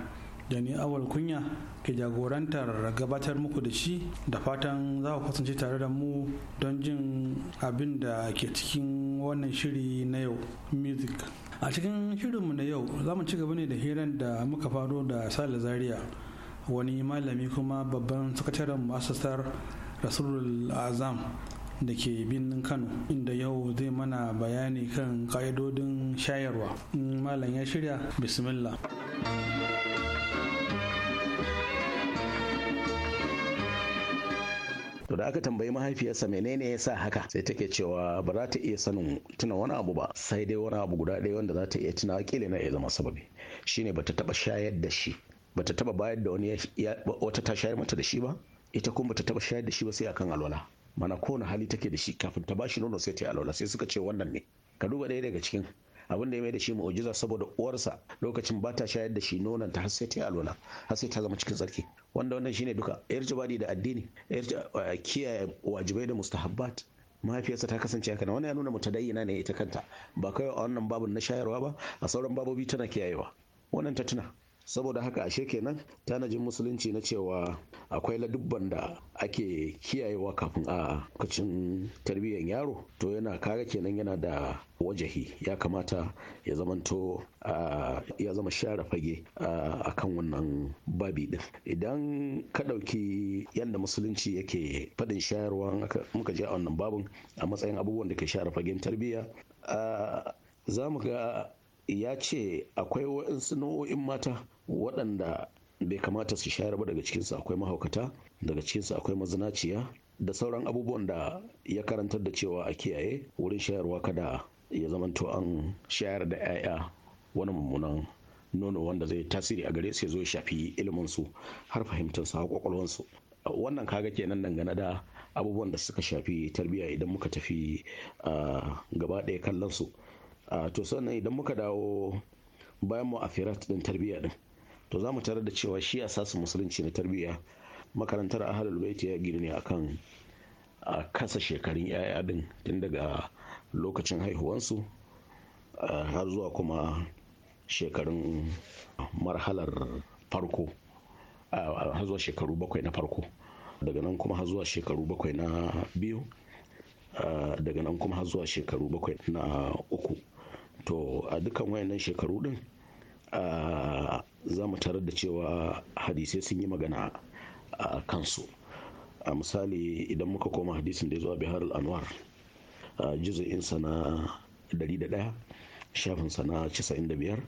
da ni awal kunya ke jagorantar gabatar muku da shi da fatan za ku kasance tare da mu don jin abin da ke cikin wannan shiri na yau music a cikin shirinmu na yau za mu ci gaba ne da hirar da muka faro da sale zaria wani malami kuma babban sakataren masasar rasulul azam da ke birnin kano inda yau zai mana bayani kan ka'idodin shayarwa malam ya shirya bismillah to da aka tambayi mahaifiyarsa menene ya sa haka sai take cewa ba za ta iya sanin tuna wani abu ba sai dai wani abu guda ɗaya wanda za ta iya tuna kila na iya zama sababi shine bata taba shayar da shi bata taba bayar da wani wata ta shayar mata da shi ba ita kuma bata taba shayar da shi ba sai akan alwala mana kowane hali take da shi kafin ta bashi nono sai ta yi alwala sai suka ce wannan ne ka duba ɗaya daga cikin abin da ya mai da shi mu'ujiza saboda uwarsa lokacin ba ta shayar da shi nonon ta har sai ta yi alwala har sai ta zama cikin tsarki wanda wannan shine duka yar jibadi da addini yar kiyaye wajibai da mustahabbat mahaifiyarsa ta kasance haka wannan ya nuna tadayyana ne ita kanta ba kai a wannan babun na shayarwa ba a sauran babobi tana kiyayewa wannan ta tuna saboda haka ashe kenan tanajin musulunci na cewa akwai ladubban da ake kiyayewa kafin a lokacin tarbiyyar yaro to yana kare kenan yana da wajahi ya kamata ya zamanto ya zama share fage a kan wannan babi din idan ka ɗauki yadda musulunci yake faɗin shayarwa muka je a wannan babin a matsayin abubuwan da ke share fagen tarbiyya za mu ga ya ce akwai waɗansu nau'o'in mata waɗanda bai kamata su shayar ba daga cikinsu akwai mahaukata daga cikinsu akwai mazinaciya da sauran abubuwan da ya karantar da cewa a kiyaye wurin shayarwa kada ya zamanto an shayar da 'ya'ya wani mummunan nono wanda zai tasiri a gare su ya zo ya shafi ilimin su har fahimtar su har kwakwalwar su wannan kaga kenan dangane da abubuwan da suka shafi tarbiyya idan muka tafi gaba ɗaya kallon su to sannan idan muka dawo bayan mu a firat din tarbiyya din to za mu tarar da cewa shi a sasu musulunci na tarbiyya makarantar ahalul baiti ya gini ne akan a kasa shekarun yaya din tun daga lokacin haihuwansu har zuwa kuma shekarun marhalar farko har zuwa shekaru bakwai na farko daga nan kuma har zuwa shekaru bakwai na biyu daga nan kuma har zuwa shekaru bakwai na uku to a dukkan wayannan shekaru din za mu tarar da cewa hadisai sun yi magana a kansu a misali idan muka koma hadisin da ya zo a bihar anwar juzu'insa na 101 shafinsa na 95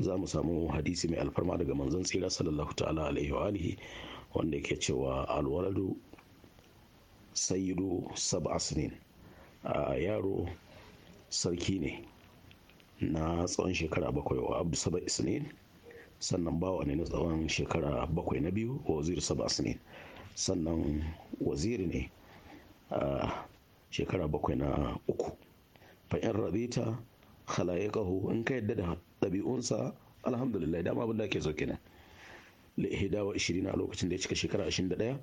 za mu samu hadisi mai alfarma daga manzon tsira sallallahu ta'ala alaihi wa alihi wanda yake cewa alwaladu sayyidu sab'a a yaro sarki ne na tsawon shekara bakwai wa abu saba sannan bawa ne na tsawon shekara bakwai na biyu wa wazir sabas ne sannan waziri ne a shekara bakwai na uku fa'in rabita kahu in ka yadda da ɗabi'unsa alhamdulillah dama abin da ke zo kenan lihida wa ishirin a lokacin da ya cika shekara ashirin da ɗaya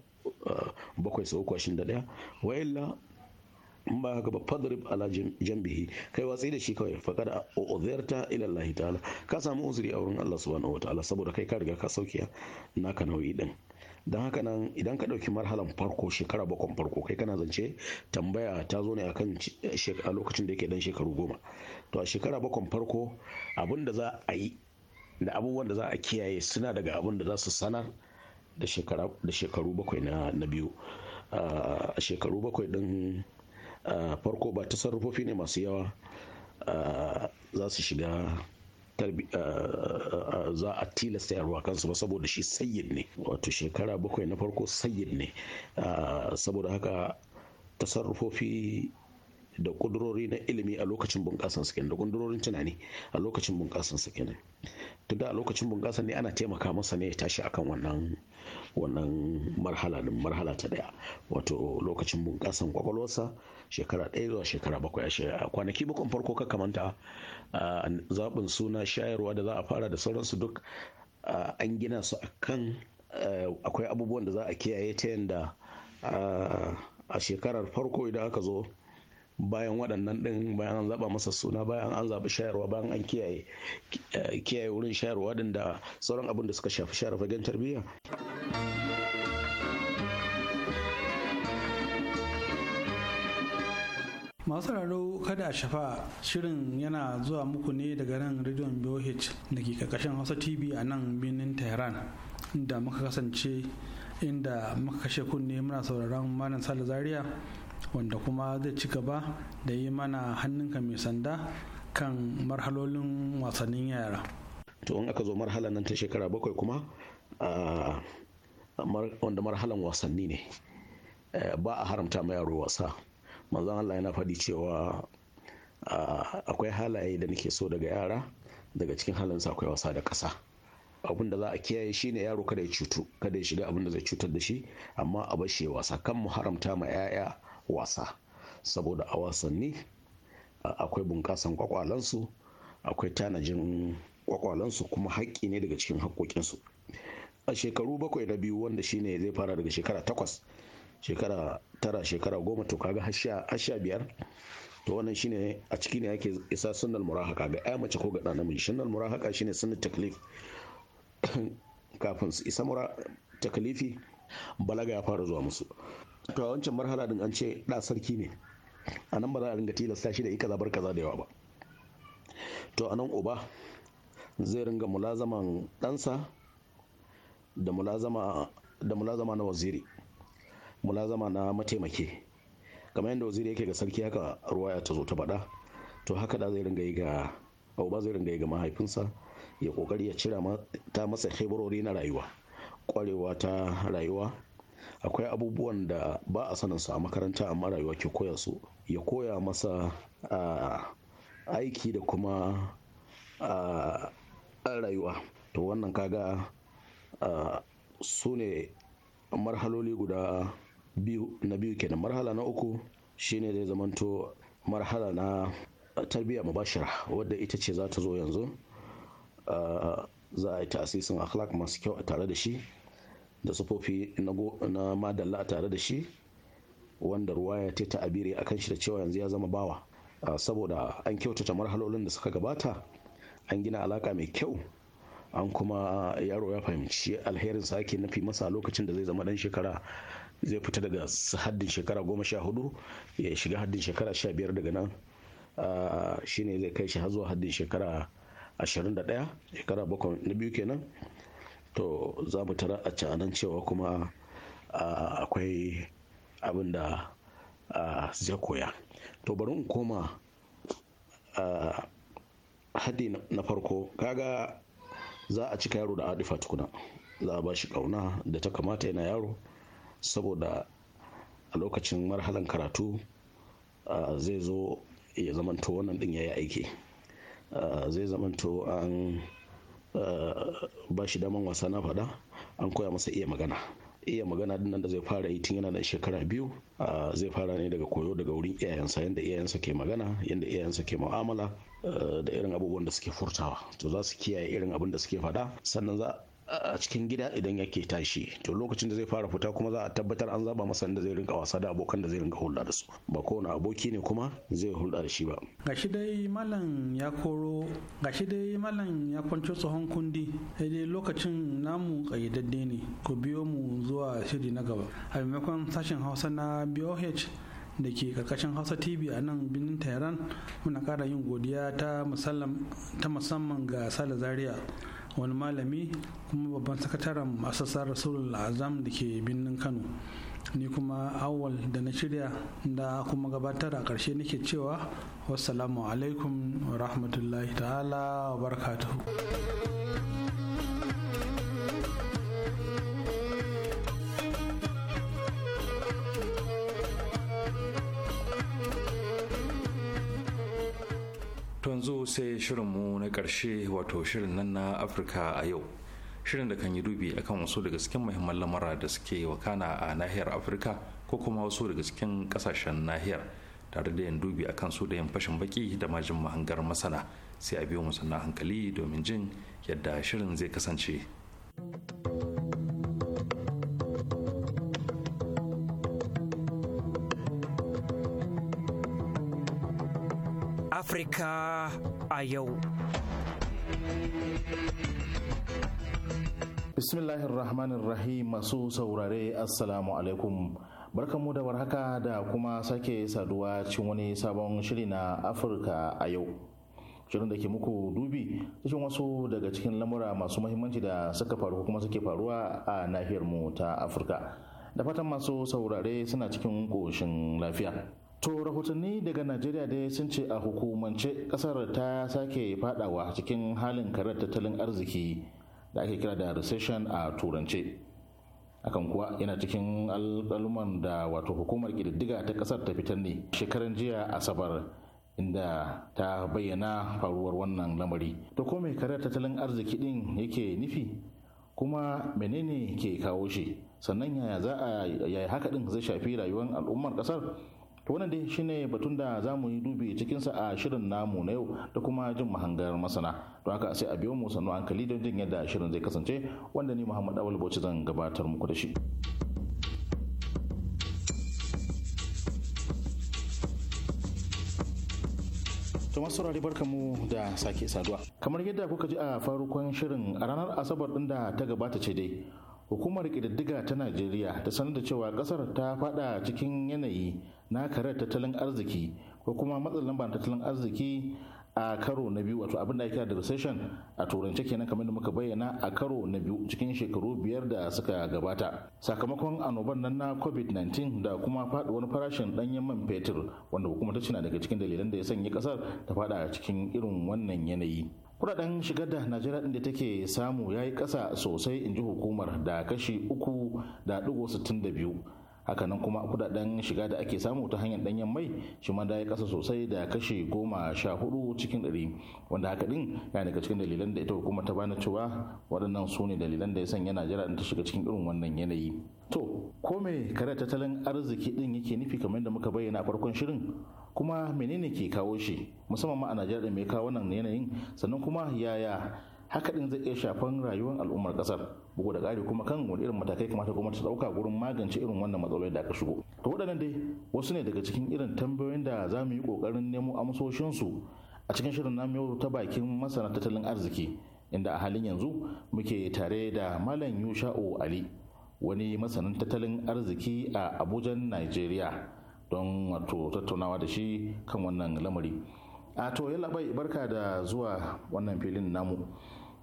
bakwai sau uku ashirin da ɗaya wa illa in ba haka ba fadrib ala jambihi kai watsi da shi kawai faqad u'zirta ila Allah ta'ala ka samu uzuri a wurin Allah subhanahu wataala saboda kai ka riga ka sauke naka nauyi din don haka nan idan ka ɗauki marhalan farko shekara bakon farko kai kana zance tambaya ta zo ne akan a lokacin da yake dan shekaru goma to a shekara bakon farko abin da za a yi da abubuwan da za a kiyaye suna daga abun da za su sanar da shekaru bakwai na biyu a ah, shekaru bakwai din farko ba tasarrufofi ne masu yawa za su shiga za a tilasta yarwa kansu ba saboda shi sayyid ne wato shekara bakwai na farko sayyid ne saboda haka tasarrufofi da kudurori na ilimi a lokacin bunƙasan su da kudurorin tunani a lokacin bunƙasan su kenan tunda a lokacin bunƙasan ne ana taimaka masa ne ya tashi akan wannan wannan marhala din marhala ta daya wato lokacin bunƙasan kwakwalwarsa shekara ɗaya zuwa shekara bakwai a kwanaki bakon farko ka kamanta zaɓin suna shayarwa da za a fara da sauransu duk an gina su akan akwai abubuwan da za a kiyaye ta yanda a shekarar farko idan aka zo bayan waɗannan ɗin bayan an zaɓa masa suna bayan an zaɓi shayarwa bayan an kiyaye eh, wurin shayarwa ɗin da sauran abin da suka shafi shayarwa fagen tarbiyya. masu raro kada a shafa shirin yana zuwa muku ne daga nan rediyon boh da ke karkashin hausa tv a nan birnin tehran da muka kasance inda muka kashe kunne muna sauraron malam sale zaria wanda kuma zai ci gaba da yi mana hannunka mai sanda kan marhalolin wasannin yara to in aka zo marhala nan ta shekara bakwai kuma ah, wanda marhalan wasanni ne eh, ba a haramta ma yaro wasa manzon Allah yana faɗi cewa ah, akwai halaye da nake so daga yara daga cikin halin akwai wasa da ƙasa abin da za a kiyaye shi ne yaro kada ya cutu kada ya shiga abin da zai cutar da shi amma a bashi ya wasa kan mu haramta ma 'ya'ya wasa saboda a wasanni akwai bunkasan kwakwalansu akwai tanajin kwakwalansu kuma haƙƙi ne daga cikin haƙƙoƙinsu a shekaru bakwai na biyu wanda shine zai fara daga shekara takwas shekara tara shekara goma to kaga hasha biyar to wannan shine a ciki ne ake isa sunnal murahaka ga ya mace ko ga ɗan namiji sunnal murahaka shine sunnat taklif kafin su isa mura taklifi balaga ya fara zuwa musu to a wancan marhala din an ce da sarki ne a nan ba za a ringa tilasta shi da ika zabar kaza da yawa ba to a nan uba zai ringa mulazaman ɗansa da mulazama da mulazama na waziri mulazama na mataimake kamar yadda waziri yake ga sarki haka ruwaya ta zo ta bada to haka da zai ringa yi ga uba zai ringa yi ga mahaifinsa ya kokari ya cira ta masa hebarori na rayuwa kwarewa ta rayuwa akwai abubuwan da ba a sanin su a makaranta amma rayuwa ke koya su ya koya masa aiki da kuma a rayuwa to wannan kaga su ne marhaloli guda biyu na biyu kenan marhala na uku shine zai zamanto marhala na tarbiyya mubashira wadda ita ce za ta zo yanzu za a yi tasisin akhlaq masu kyau a tare da shi da sufofi na madalla a tare da shi wanda ruwa ya ta ta'abiri a kan shi da cewa yanzu ya zama bawa ah, saboda an kyautata marhalolin da suka gabata an gina alaka mai kyau an kuma ah, yaro ya fahimci alherin sa ake nufi masa lokacin da zai zama dan shekara zai fita daga haddin shekara goma sha hudu ya shiga haddin shekara sha biyar daga nan ah, shine zai kai shi har zuwa haddin shekara ashirin da ɗaya shekara bakwai na biyu kenan to za mu tara a canan cewa kuma akwai abin da zai koya to bari in koma haɗi na farko kaga za a cika yaro da adifa tukuna za a ba shi ƙauna da ta kamata yana yaro saboda a lokacin marhalan karatu zai zo ya zamanto wannan ɗin ya yi aiki zai zamanto an Eh, ba shi daman wasa na fada an koya masa iya magana iya magana din nan da zai fara yi tun yana da shekara biyu ah, zai fara ne daga koyo daga wurin iyayensa yadda iyayensa ke magana yadda iyayensa ke mu'amala eh, da irin abubuwan da suke furtawa to za su kiyaye irin abin da suke faɗa sannan za a cikin gida idan yake tashi to lokacin da zai fara fita kuma za a tabbatar an zaba masa da zai rinka wasa da abokan da zai rinka hulɗa da su ba kowane aboki ne kuma zai hulɗa da shi ba gashi dai malam ya koro gashi dai malam ya kwanto tsohon kundi sai dai lokacin namu kayyadadde ne ku biyo mu zuwa shiri na gaba a maimakon sashen hausa na boh da ke karkashin hausa tv a nan birnin tehran muna kara yin godiya ta musamman ga sale zaria wani malami kuma babban sakataren masasar rasulul azam da ke birnin kano ni kuma awal da na shirya da kuma gabatar a ƙarshe nake cewa wassalamu alaikum wa rahmatullahi ta'ala wa barakatuhu yanzu sai shirinmu na ƙarshe wato shirin nan na afirka a yau shirin da kan yi dubi akan wasu daga cikin muhimman lamura da suke wakana a nahiyar afirka ko kuma wasu daga cikin ƙasashen nahiyar tare da yin dubi akan su da yin fashin baki da majin mahangar masana sai a biyo mu hankali domin jin yadda shirin zai kasance. Afrika a yau. Bismillahirrahmanirrahim masu saurare Assalamu alaikum. Barkanmu da warhaka da kuma sake saduwa cikin wani sabon shiri na Afirka a yau. Shirin da ke muku dubi cikin wasu daga cikin lamura masu mahimmanci da suka faru kuma suke faruwa a nahiyar mu ta Afirka. Da fatan masu saurare suna cikin ƙoshin lafiya. To rahotanni daga Najeriya dai sun ce a hukumance kasar ta sake fadawa cikin halin karar tattalin arziki da ake kira da recession a turance. akan kuwa yana cikin alƙaluman da wato hukumar ƙididdiga ta kasar ta fitar ne shekaran jiya Asabar inda ta bayyana faruwar wannan lamari. To ko mai karar tattalin arziki din yake nufi kuma menene ke kawo shi sannan yaya za a yaya haka din zai shafi rayuwar al'ummar ƙasar? to wannan dai shine batun da za mu yi dubi cikinsa a shirin namu na yau da kuma jin mahangar masana don haka sai a biyo mu sannu hankali don jin yadda shirin zai kasance wanda ni muhammad awal bauchi zan gabatar muku da shi To saurari barka mu da sake saduwa. Kamar yadda kuka ji a farukon shirin a ranar Asabar ɗin da ta gabata ce dai. Hukumar kididdiga ta Najeriya ta sanar da cewa ƙasar ta faɗa cikin yanayi na karar tattalin arziki ko kuma matsalin lamba tattalin arziki a karo na biyu wato abin da ake kira da recession a turance kenan kamar da muka bayyana a karo na biyu cikin shekaru biyar da suka gabata sakamakon annoban nan na covid-19 da kuma faduwar farashin danyen man fetur wanda hukumar ta cina daga cikin dalilan da ya sanya kasar ta fada cikin irin wannan yanayi kudaden shigar da najeriya din da take samu ya yi kasa sosai in ji hukumar da kashi uku da digo sittin da biyu hakanan kuma kudaden shiga da ake samu ta hanyar danyen mai shi ma da ya kasa sosai da kashe goma sha hudu cikin ɗari wanda haka din ya daga cikin dalilan da ita hukumar ta bana cewa waɗannan su ne dalilan da ya sanya najeriya ta shiga cikin irin wannan yanayi to ko me kare tattalin arziki din yake nufi kamar da muka bayyana a farkon shirin kuma menene ke kawo shi musamman ma a najeriya mai kawo wannan yanayin sannan kuma yaya haka din zai iya shafan rayuwar al'ummar kasar bugu da ƙari kuma kan wani irin matakai kamata gwamnati ta dauka gurin magance irin wannan matsalolin da aka shigo to waɗannan dai wasu ne daga cikin irin tambayoyin da za mu yi ƙoƙarin nemo amsoshin su a cikin shirin namu yau ta bakin masana tattalin arziki inda a halin yanzu muke tare da malam yusha'u ali wani masanin tattalin arziki a abuja nigeria don wato tattaunawa da shi kan wannan lamari a to yalla bai barka da zuwa wannan filin namu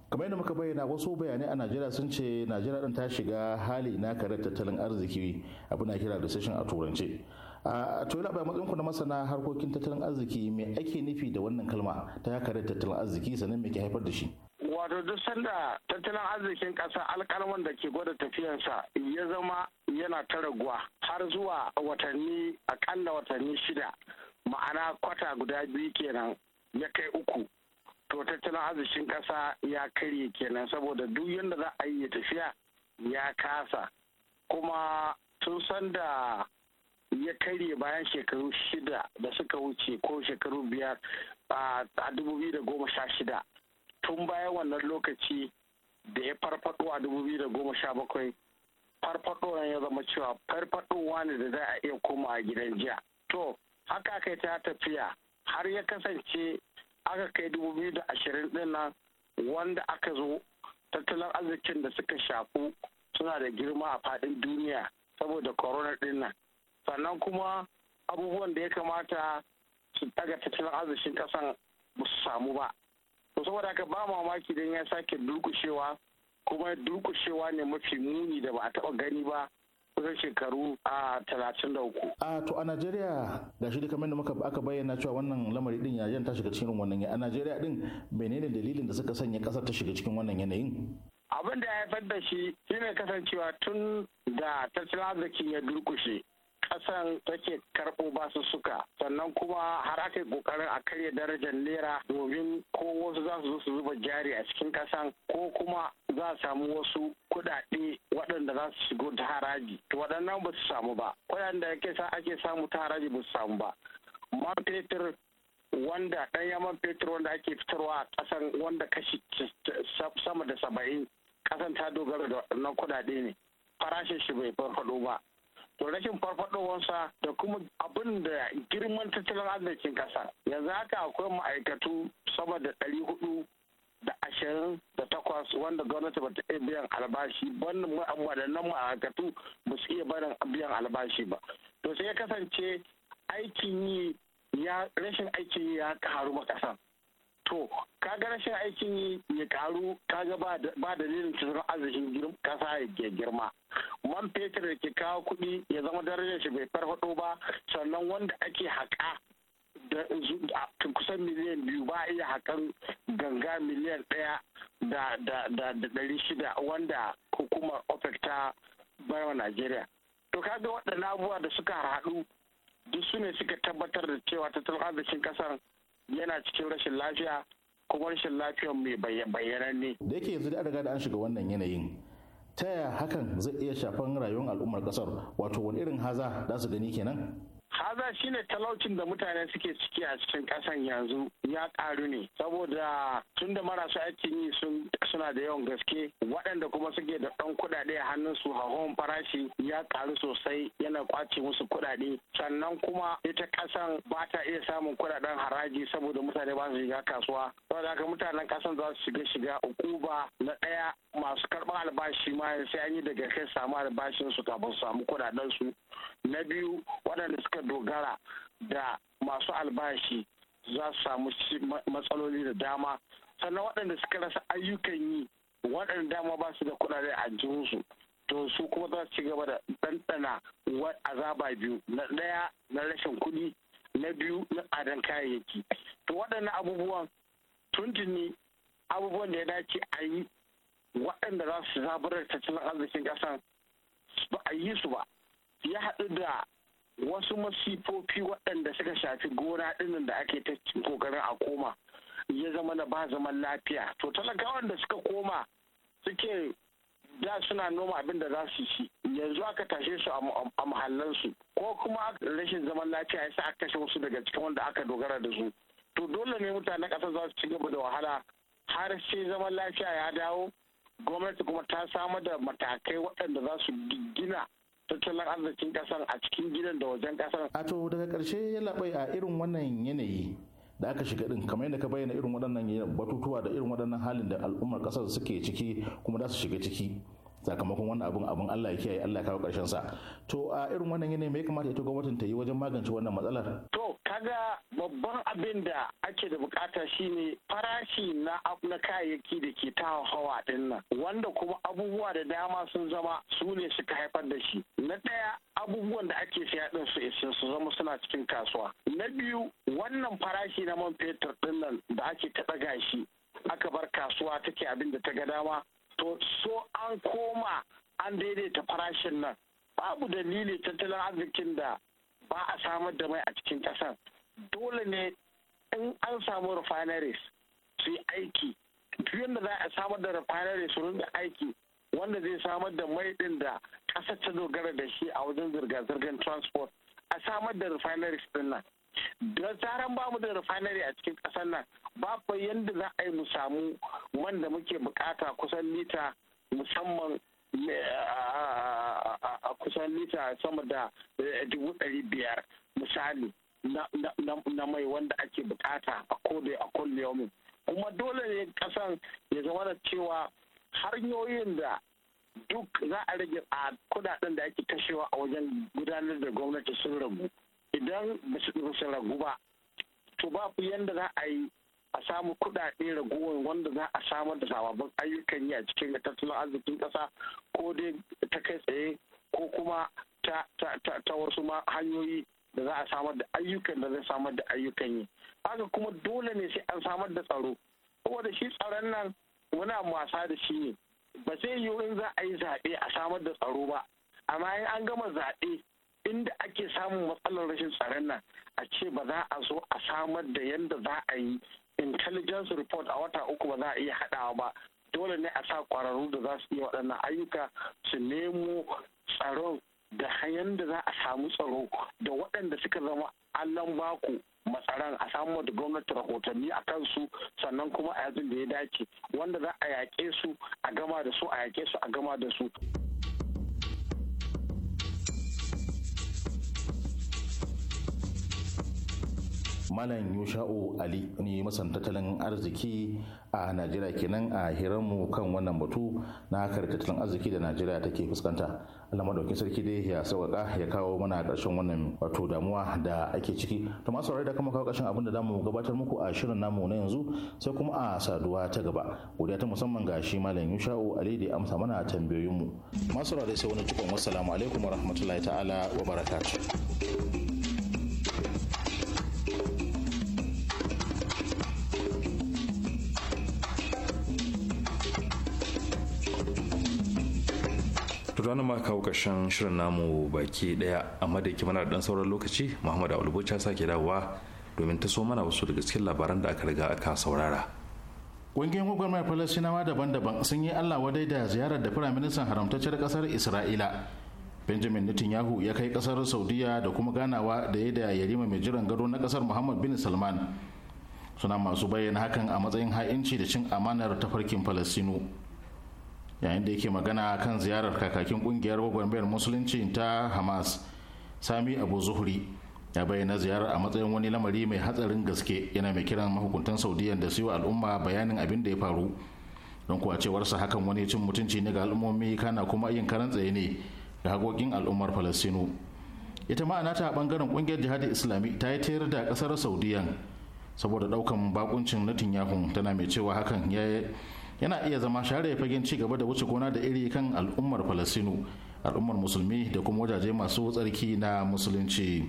kamar yadda muka bayyana wasu bayanai a najeriya sun ce najeriya din ta shiga hali na karar tattalin arziki abin na kira session a turance a tola bai matsayinku na masana harkokin tattalin arziki me ake nufi da wannan kalma ta karar tattalin arziki sannan me ke haifar da shi wato duk sanda tattalin arzikin kasa alkalman da ke gwada tafiyansa ya zama yana ta raguwa har zuwa watanni akalla watanni shida ma'ana kwata guda biyu kenan ya kai uku to tattalin arzikin ƙasa ya karye kenan saboda duk yadda za a yi tafiya ya kasa kuma tun san da ya karye bayan shekaru shida da suka wuce ko shekaru biyar a dubu biyu da goma sha shida tun bayan wannan lokaci da ya farfado a dubu biyu da goma sha bakwai farfadowar ya zama cewa farfadowa ne da za a iya koma a gidan jiya to haka kai ta tafiya har ya kasance aka kai dubu biyu da ashirin din nan wanda aka zo tattalin arzikin da suka shafu suna da girma a faɗin duniya saboda korona din nan sannan kuma abubuwan da ya kamata su daga tattalin arzikin ƙasan ba su samu ba to saboda haka ba mamaki don ya sake durkushewa kuma durkushewa ne mafi muni da ba a taɓa gani ba kusan shekaru a talatin da uku. A to a Najeriya ga shi kamar da muka aka bayyana cewa wannan lamari din yayin ta shiga cikin wannan a Najeriya din menene dalilin da suka sanya kasar ta shiga cikin wannan yanayin? Abin da ya haifar da shi shine kasancewa tun da tattalin arzikin ya durkushe kasan take karɓo basu suka sannan kuma har aka yi ƙoƙarin a karya darajar naira domin ko wasu za su zo su zuba jari a cikin kasan ko kuma za a samu wasu kuɗaɗe waɗanda za su shigo ta haraji to waɗannan ba su samu ba kuɗaɗen da ake samu ta haraji ba su samu ba man fetur wanda yaman fetur wanda ake fitarwa a ƙasan wanda kashi sama da saba'in ƙasan ta dogara da waɗannan kuɗaɗe ne farashin shi bai farfaɗo ba to rashin farfadowarsa da kuma abin da girman tattalin arzikin kasa yanzu haka akwai ma'aikatu sama da ɗari hudu da ashirin da takwas wanda gwamnati ba ta iya biyan albashi wannan waɗannan ma'aikatu ba su iya barin biyan albashi ba to sai ya kasance aikin yi ya rashin aikin yi ya karu ma to ka ga rashin aikin yi ya karu ga ba dalilin tattalin arzikin kasa ya girma man fetur da ke kawo kuɗi ya zama darajar shi bai farfado ba sannan wanda ake haƙa da kusan miliyan biyu ba iya hakan ganga miliyan ɗaya da ɗari shida wanda hukumar opec ta wa najeriya to ka ga waɗannan abubuwa da suka haɗu duk su ne suka tabbatar da cewa tattalin arzikin ƙasar yana cikin rashin lafiya kuma rashin lafiyar mai bayyananne. Da yake yanzu da riga da an shiga wannan yanayin ta yaya hakan zai iya shafan rayuwar al'ummar kasar wato wani irin haza za su gani kenan? haza shine talaucin da mutane suke ciki a cikin kasan yanzu ya karu ne saboda tun da marasa aikin yi suna da yawan gaske waɗanda kuma suke da ɗan kuɗaɗe a su hahon farashi ya karu sosai yana kwace musu kuɗaɗe sannan kuma ita kasan ba ta iya samun kuɗaɗen haraji saboda mutane ba su shiga kasuwa saboda haka mutanen kasan za su shiga shiga ukuba na ɗaya masu karɓar albashi ma sai an yi daga kai samu albashin su kafin su samu kuɗaɗen su na biyu waɗanda suka dogara da masu albashi za su samu matsaloli da dama sannan waɗanda suka rasa ayyukan yi waɗanda dama ba su da kuɗaɗe a jinsu to su kuma za su ci gaba da ɗanɗana azaba biyu na ɗaya na rashin kuɗi na biyu na tsadan kayayyaki to waɗannan abubuwan tuntuni abubuwan da ya dace a yi waɗanda za su zaburar tattalin arzikin ƙasan ba a yi su ba ya haɗu da wasu masifofi waɗanda suka shafi gona ɗinnan da ake ta kokarin a koma ya zama na ba zaman lafiya to talakawan da suka koma suke da suna noma abin da za su ci yanzu aka tashe su a muhallansu ko kuma rashin zaman lafiya ya sa aka kashe wasu daga cikin wanda aka dogara da su to dole ne mutanen ƙasa za su ci gaba da wahala har sai zaman lafiya ya dawo gwamnati kuma ta samar da matakai waɗanda za su gina tattalin arzikin kasar a cikin gidan da wajen kasar. a to daga karshe ya labai a irin wannan yanayi da aka shiga din kamar yadda ka bayyana irin waɗannan batutuwa da irin waɗannan halin da al'ummar kasar suke ciki kuma za su shiga ciki sakamakon wannan abun abun Allah ya kiyaye Allah ya kawo karshen sa to a irin wannan yanayi me kamata ita gwamnatin ta yi wajen magance wannan matsalar to kaga babban abin da ake da bukata shine farashi na na kayayyaki da ke ta hawa din wanda kuma abubuwa da dama sun zama su ne suka haifar da shi na daya abubuwan da ake siya din su isin su zama suna cikin kasuwa na biyu wannan farashi na man fetur din da ake ta ɗaga shi aka bar kasuwa take abin da ta ga dama to so an koma an daidaita farashin nan babu dalili tattalin arzikin da ba a samar da mai a cikin ƙasar dole ne in an samu refineries su yi aiki duk da za a samar da refineries su rinda aiki wanda zai samar da mai din da ƙasar ta dogara da shi a wajen zirga-zirgar transport a samar da refineries din nan da zaran ba mu da refinery a cikin kasar nan ba yadda yanda za a yi mu samu man muke bukata kusan lita musamman eh, a kusan lita sama da eh, dubu ɗari biyar misali na mai wanda ake bukata a kodai a kulle kuma dole ne kasan ya zama da cewa hanyoyin da duk za a rage a kudaden da ake kashewa a wajen gudanar da gwamnati sun rabu idan ba su ragu ba to ba ku yadda za a yi a samu kuɗaɗe raguwar wanda za a samar da sababbin ayyukan yi a cikin tattalin arzikin ƙasa ko dai ta kai tsaye ko kuma ta wasu hanyoyi da za a samar da ayyukan da zai samar da ayyukan yi haka kuma dole ne sai an samar da tsaro da shi tsaron nan wani wasa da shi ne ba sai yiwu in za a yi zaɓe a samar da tsaro ba amma in an gama zaɓe inda ake samun matsalar rashin tsaron nan a ce ba za a zo a samar da yadda za a yi intelligence report a wata uku ba za a iya haɗawa ba dole ne a sa kwararru da za su yi waɗannan ayyuka su nemo tsaron da hanyar da za a samu tsaro da waɗanda suka zama allon baku matsaran a samu da gwamnati rahotanni a kansu sannan kuma a yanzu da ya dace wanda za a yaƙe su a gama da su a yaƙe su a gama da su. malam yusha'u ali ne masan tattalin arziki a najeriya kenan a mu kan wannan batu na hakar tattalin arziki da najeriya take fuskanta allah madaukin sarki dai ya sauƙaƙa ya kawo mana ƙarshen wannan wato damuwa da ake ciki to masu da kuma kawo ƙarshen abin da zamu gabatar muku a shirin namu na yanzu sai kuma a saduwa ta gaba godiya ta musamman ga shi malam yusha'u ali da amsa mana tambayoyinmu masu da sai wani cikon wassalamu alaikum warahmatullahi ta'ala wa barakatuh to ma kawo ƙarshen shirin namu baki daya amma da mana da dan sauran lokaci muhammad abulbucha sake dawowa domin ta so mana wasu daga cikin labaran da aka riga aka saurara mai gwagwarmayar Falasinawa daban-daban sun yi Allah wadai da ziyarar da Firaministan haramtacciyar kasar Isra'ila. Benjamin Netanyahu ya kai kasar Saudiya da kuma ganawa da ya da yarima mai jiran gado na kasar Muhammad bin Salman. Suna masu bayyana hakan a matsayin ha'inci da cin amanar tafarkin Falasinu. yayin da yake magana kan ziyarar kakakin kungiyar gwagwarmayar musulunci ta hamas sami abu zuhuri ya bayyana ziyarar a matsayin wani lamari mai hatsarin gaske yana mai kiran mahukuntan saudiya da su al'umma bayanin abin da ya faru don kuwa cewarsa hakan wani cin mutunci ne ga al'ummomi kana kuma yin karan tsaye ne ga haƙoƙin al'ummar falastinu ita ma'ana ta bangaren kungiyar jihadi islami ta yi tayar da kasar saudiyan saboda daukan bakuncin na tinyahun tana mai cewa hakan ya yana iya zama share fagen ci gaba da wuce gona da iri kan al'ummar falasinu al'ummar musulmi da kuma wajaje masu tsarki na musulunci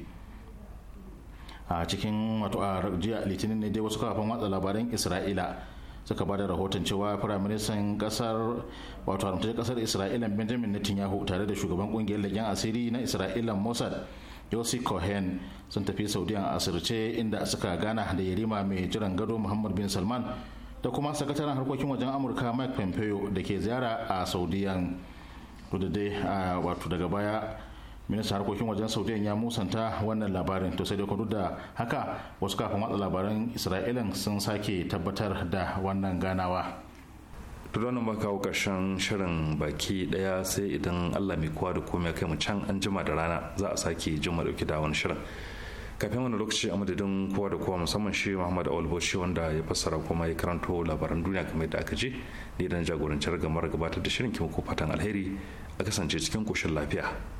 a cikin wato a jiya litinin ne dai wasu kafafen watsa labaran isra'ila suka ba da rahoton cewa firaministan kasar wato haramtar kasar isra'ila benjamin netanyahu tare da shugaban kungiyar lagen asiri na isra'ila mossad yossi cohen sun tafi saudiya a asirce inda suka gana da yarima mai jiran gado muhammad bin salman da kuma sakataren harkokin wajen amurka mike pompeo da ke ziyara a saudiyan a wato daga baya ministan harkokin wajen saudiyan ya musanta wannan labarin to sai dai kudu da haka wasu kafin watsa labaran isra'ilan sun sake tabbatar da wannan ganawa tudonin ba kawo karshen shirin baki daya sai idan allah mai kowa da komai kai mu can an jima da rana za a sake jima mu dauki da wani shirin kafin wani lokaci a madadin kowa da kowa musamman shi muhammad awal bauchi wanda ya fassara kuma ya karanto labaran duniya kamar yadda aka ji ni dan jagorancin gamar gabatar da shirin kimako fatan alheri a kasance cikin koshin lafiya